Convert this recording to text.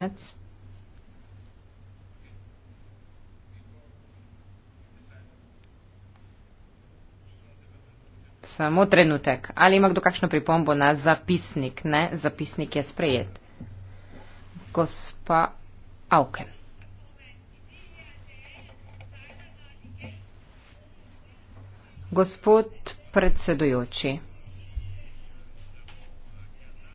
minutes. Samo trenutek. Ali ima kdo kakšno pripombo na zapisnik? Ne, zapisnik je sprejet. Gospa Auke. Gospod predsedujoči.